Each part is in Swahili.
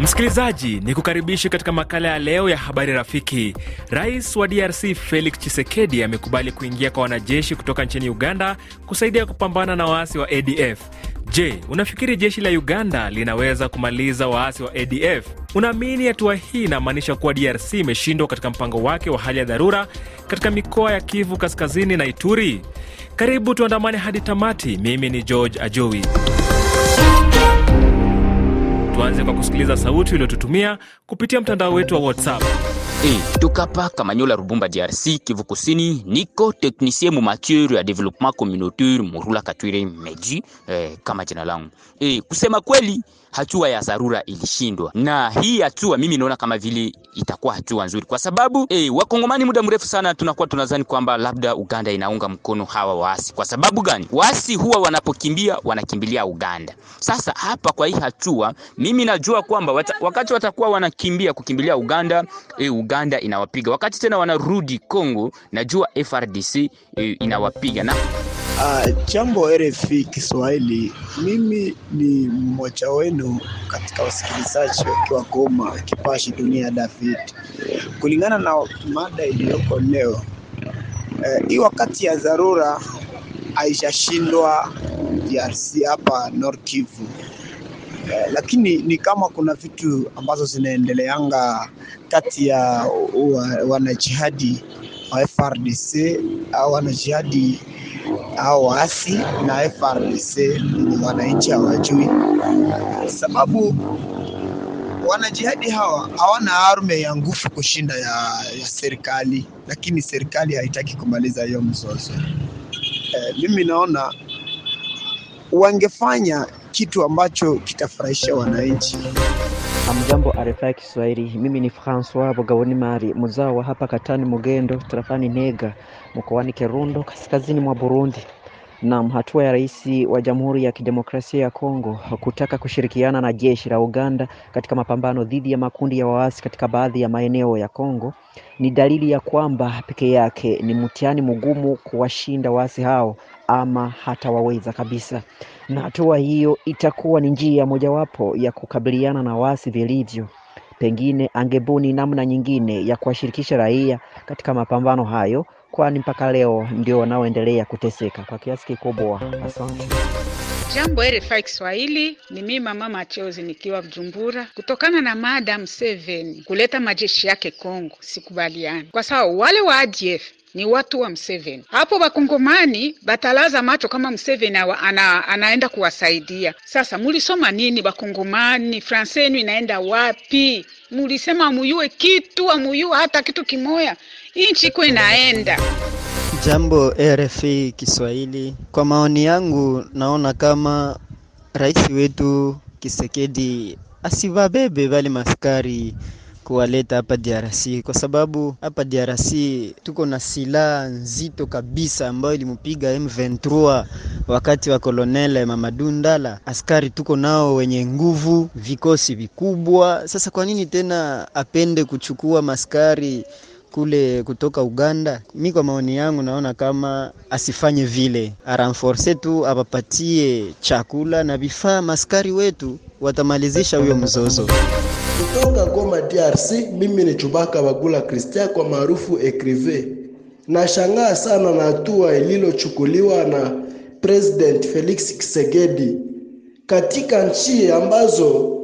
Msikilizaji, ni kukaribishi katika makala ya leo ya habari rafiki. Rais wa DRC Felix Tshisekedi amekubali kuingia kwa wanajeshi kutoka nchini Uganda kusaidia kupambana na waasi wa ADF. Je, unafikiri jeshi la Uganda linaweza kumaliza waasi wa ADF? Unaamini hatua hii inamaanisha kuwa DRC imeshindwa katika mpango wake wa hali ya dharura katika mikoa ya Kivu Kaskazini na Ituri? Karibu tuandamane hadi tamati. Mimi ni George Ajowi. Tuanze kwa kusikiliza sauti uliotutumia kupitia mtandao wetu wa WhatsApp. E, toka pa Kamanyola Rubumba DRC Kivu Kusini, niko technicien mu mumature ya development communautaire Murula Katwire Meji eh, kama jina langu. E, kusema kweli hatua ya dharura ilishindwa, na hii hatua mimi naona kama vile itakuwa hatua nzuri, kwa sababu eh, wakongomani muda mrefu sana tunakuwa tunadhani kwamba labda Uganda inaunga mkono hawa waasi. Kwa sababu gani? Waasi huwa wanapokimbia wanakimbilia Uganda. Sasa hapa kwa hii hatua mimi najua kwamba wata, wakati watakuwa wanakimbia kukimbilia Uganda eh, Uganda inawapiga, wakati tena wanarudi Kongo, najua FRDC eh, inawapiga na Uh, jambo RFI Kiswahili, mimi ni mmoja wenu katika wasikilizaji wakiwa Goma, Kipashi Dunia David. Kulingana na mada iliyoko leo eh, hii, uh, wakati ya dharura haijashindwa DRC hapa North Kivu eh, lakini ni kama kuna vitu ambazo zinaendeleanga kati ya wanajihadi wa FRDC au wanajihadi au waasi na FRDC ni wananchi hawajui, sababu wanajihadi hawa hawana arme ya nguvu kushinda ya, ya serikali, lakini serikali haitaki kumaliza hiyo mzozo. Eh, mimi naona wangefanya kitu ambacho kitafurahisha wananchi. Amjambo ya Kiswahili, mimi ni Francois Bogawoni Mari, mzao wa hapa Katani Mugendo, tarafani nega mkoani kerundo kaskazini mwa Burundi. Naam, hatua ya rais wa Jamhuri ya Kidemokrasia ya Kongo kutaka kushirikiana na jeshi la Uganda katika mapambano dhidi ya makundi ya waasi katika baadhi ya maeneo ya Kongo ni dalili ya kwamba peke yake ni mtihani mgumu kuwashinda waasi hao ama hatawaweza kabisa, na hatua hiyo itakuwa ni njia mojawapo ya kukabiliana na waasi vilivyo. Pengine angebuni namna nyingine ya kuwashirikisha raia katika mapambano hayo kwani mpaka leo ndio wanaoendelea kuteseka kwa kiasi kikubwa. Asante. Jambo RFI Kiswahili, ni mimi mama Machozi nikiwa Bujumbura. Kutokana na mada mseveni kuleta majeshi yake Kongo, sikubaliani kwa sababu wale wa ADF ni watu wa Mseveni. Hapo wakongomani batalaza macho kama Mseveni ana, anaenda kuwasaidia. Sasa mulisoma nini wakongomani Fransa yenu inaenda wapi? Mulisema amuyue kitu amuyue hata kitu kimoya, inchi iko inaenda Jambo RFI Kiswahili. Kwa maoni yangu, naona kama rais wetu Kisekedi asivabebe bali maskari kuwaleta hapa DRC kwa sababu hapa DRC tuko na silaha nzito kabisa ambayo ilimpiga M23 wakati wa kolonele mamadundala Ndala. Askari tuko nao wenye nguvu, vikosi vikubwa. Sasa kwa nini tena apende kuchukua maskari kule kutoka Uganda. Mi kwa maoni yangu naona kama asifanye vile, aranforce tu apapatie chakula na vifaa maskari wetu, watamalizisha huyo mzozo. Kutoka Goma DRC, mimi ni Chubaka Bagula Kristia kwa maarufu Ecrive. Nashangaa sana na hatua ililochukuliwa na President Felix Tshisekedi katika nchi ambazo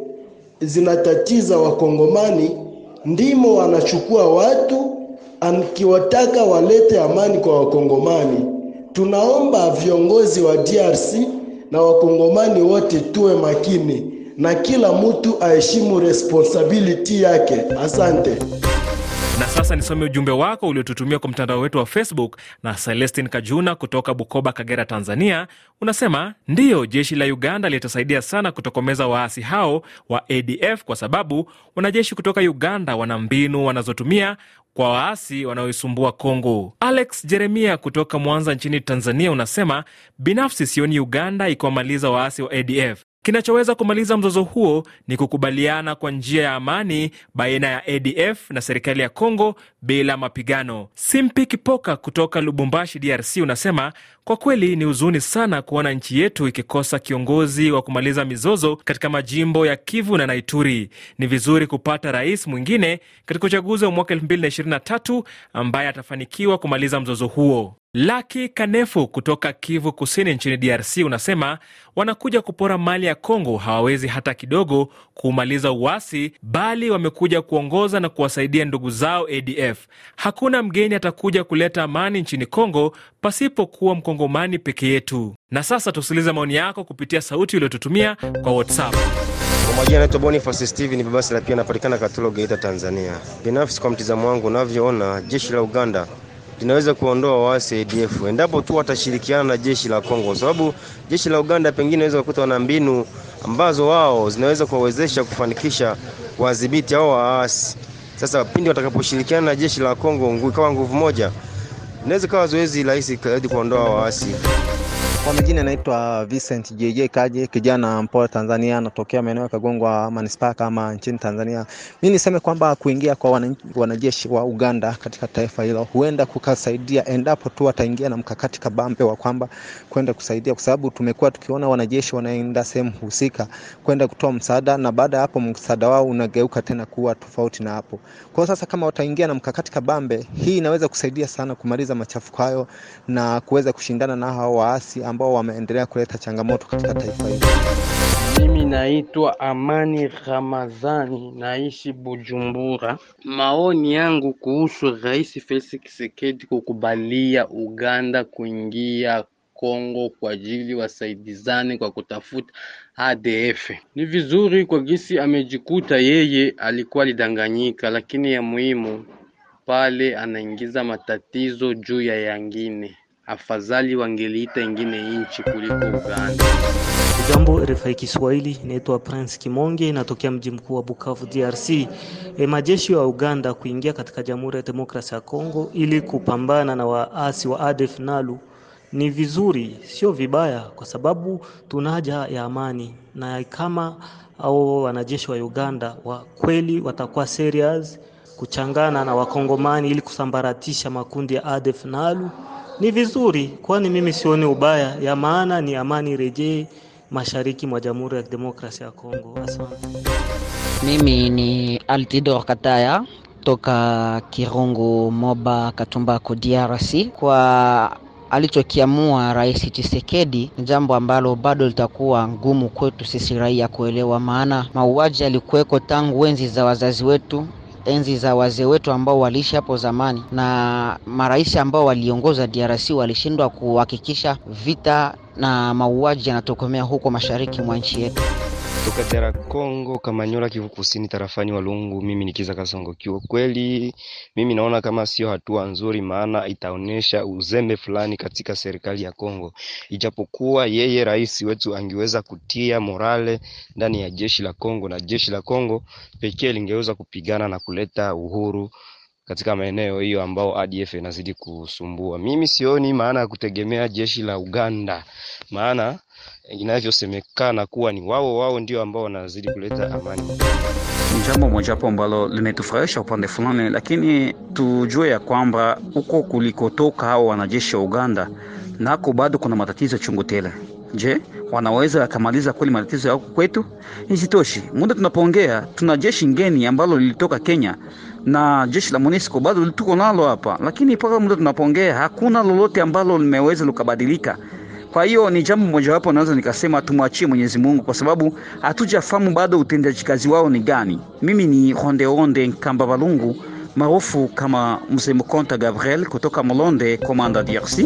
zinatatiza wakongomani ndimo wanachukua watu akiwataka walete amani kwa Wakongomani. Tunaomba viongozi wa DRC na Wakongomani wote tuwe makini na kila mtu aheshimu responsibility yake. Asante. Na sasa nisome ujumbe wako uliotutumia kwa mtandao wetu wa Facebook na Celestin Kajuna kutoka Bukoba, Kagera, Tanzania. Unasema ndiyo, jeshi la Uganda litasaidia sana kutokomeza waasi hao wa ADF kwa sababu wanajeshi kutoka Uganda wana mbinu wanazotumia kwa waasi wanaoisumbua Kongo. Alex Jeremia kutoka Mwanza nchini Tanzania unasema binafsi sioni Uganda ikiwamaliza waasi wa ADF, Kinachoweza kumaliza mzozo huo ni kukubaliana kwa njia ya amani baina ya ADF na serikali ya Kongo bila mapigano. Simpi Kipoka kutoka Lubumbashi, DRC, unasema kwa kweli ni huzuni sana kuona nchi yetu ikikosa kiongozi wa kumaliza mizozo katika majimbo ya Kivu na Naituri. Ni vizuri kupata rais mwingine katika uchaguzi wa mwaka 2023 ambaye atafanikiwa kumaliza mzozo huo. Laki Kanefu kutoka Kivu Kusini nchini DRC unasema wanakuja kupora mali ya Kongo hawawezi hata kidogo kuumaliza uasi, bali wamekuja kuongoza na kuwasaidia ndugu zao ADF. Hakuna mgeni atakuja kuleta amani nchini Kongo pasipokuwa mkongomani peke yetu. Na sasa tusikilize maoni yako kupitia sauti uliotutumia kwa WhatsApp. Kwa majina naitwa Boniface ni babasi la pia, anapatikana Katulo, Geita, Tanzania. Binafsi kwa mtizamo wangu, unavyoona jeshi la Uganda linaweza kuondoa waasi ADF endapo tu watashirikiana na jeshi la Kongo, kwa sababu jeshi la Uganda pengine inaweza kukuta wana mbinu ambazo wao zinaweza kuwawezesha kufanikisha wadhibiti hao waasi. Sasa pindi watakaposhirikiana na jeshi la Kongo ikawa nguvu moja, inaweza kawa zoezi rahisi zaidi kuondoa waasi. Kwa majina anaitwa Vincent JJ Kaje, kijana mpole Tanzania, anatokea maeneo ya Kagongwa manispaa kama nchini Tanzania. Mimi niseme kwamba kuingia kwa wanajeshi wa Uganda katika taifa hilo huenda kukasaidia endapo tu wataingia na mkakati kabambe wa kwamba kwenda kusaidia, kwa sababu tumekuwa tukiona wanajeshi wanaenda sehemu husika kwenda kutoa msaada, na baada ya hapo msaada wao unageuka tena kuwa tofauti na hapo. Kwa sasa kama wataingia na mkakati kabambe, hii inaweza kusaidia sana kumaliza machafuko hayo na kuweza kushindana na hao waasi ambao wameendelea kuleta changamoto katika taifa hili. Mimi naitwa Amani Ramadhani, naishi Bujumbura. Maoni yangu kuhusu Rais Felix Tshisekedi kukubalia Uganda kuingia Kongo kwa ajili wasaidizane kwa kutafuta ADF ni vizuri kwa gisi amejikuta yeye alikuwa alidanganyika, lakini ya muhimu pale anaingiza matatizo juu ya yangine afadhali wangeliita ingine nchi kuliko Uganda. Jambo RFI Kiswahili, inaitwa Prince Kimonge, inatokea mji mkuu wa Bukavu, DRC. E, majeshi wa Uganda kuingia katika Jamhuri ya Demokrasia ya Kongo ili kupambana na waasi wa ADF Nalu ni vizuri, sio vibaya, kwa sababu tuna haja ya amani, na kama au wanajeshi wa Uganda wa kweli watakuwa serious kuchangana na Wakongomani ili kusambaratisha makundi ya ADF Nalu ni vizuri, kwani mimi sioni ubaya, ya maana ni amani rejee mashariki mwa Jamhuri ya Kidemokrasia ya Kongo. Asante. Mimi ni Altidor Kataya toka Kirungu, Moba, Katumbako, DRC. Kwa alichokiamua Rais Tshisekedi ni jambo ambalo bado litakuwa ngumu kwetu sisi raia kuelewa, maana mauaji yalikuweko tangu enzi za wazazi wetu enzi za wazee wetu ambao waliishi hapo zamani, na marais ambao waliongoza DRC walishindwa kuhakikisha vita na mauaji yanatokomea huko mashariki mwa nchi yetu. Toka Jara Kongo, Kamanyola, Kivu Kusini, tarafani Walungu. Mimi ni Kiza Kasongo. kweli, mimi naona kama sio hatua nzuri, maana itaonyesha uzembe fulani katika serikali ya Kongo. Ijapokuwa yeye rais wetu angeweza kutia morale ndani ya jeshi la Kongo, na jeshi la Kongo pekee lingeweza kupigana na kuleta uhuru katika maeneo hiyo ambao ADF inazidi kusumbua. Mimi sioni maana ya kutegemea jeshi la Uganda maana inavyosemekana kuwa ni wao wao ndio ambao wanazidi kuleta amani. Jambo mojawapo ambalo limetufurahisha upande fulani, lakini tujue ya kwamba huko kulikotoka hao wanajeshi wa Uganda nako bado kuna matatizo chungu tele. Je, wanaweza wakamaliza kweli matatizo ya huko kwetu? Isitoshi, muda tunapoongea tuna jeshi ngeni ambalo lilitoka Kenya na jeshi la MONUSCO bado tuko nalo hapa, lakini mpaka muda tunapoongea hakuna lolote ambalo limeweza likabadilika. Kwa hiyo ni jambo mojawapo naweza nikasema tumwachie Mwenyezi Mungu, kwa sababu hatujafahamu bado utendaji kazi wao ni gani. Mimi ni Rondeonde Nkamba Balungu maarufu kama Mzee Mkonta Gabriel kutoka Molonde Komanda, DRC.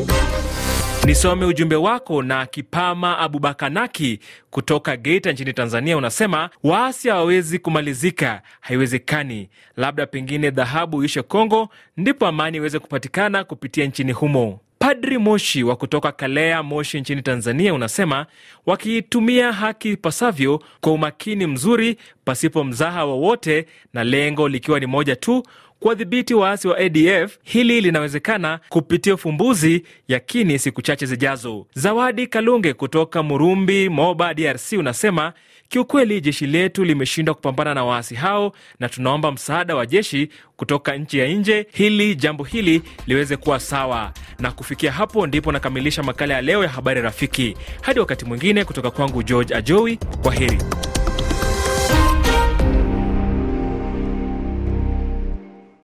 Nisome ujumbe wako na Kipama Abubakanaki kutoka Geita nchini Tanzania. Unasema waasi hawawezi kumalizika, haiwezekani. Labda pengine dhahabu ishe Kongo, ndipo amani iweze kupatikana kupitia nchini humo. Padri Moshi wa kutoka Kalea, Moshi nchini Tanzania, unasema wakiitumia haki ipasavyo kwa umakini mzuri pasipo mzaha wowote, na lengo likiwa ni moja tu, kuwadhibiti waasi wa ADF. Hili linawezekana kupitia ufumbuzi yakini siku chache zijazo. Zawadi Kalunge kutoka Murumbi, Moba, DRC unasema kiukweli jeshi letu limeshindwa kupambana na waasi hao na tunaomba msaada wa jeshi kutoka nchi ya nje hili jambo hili liweze kuwa sawa. Na kufikia hapo ndipo nakamilisha makala ya leo ya habari rafiki. Hadi wakati mwingine, kutoka kwangu George Ajowi, kwa heri.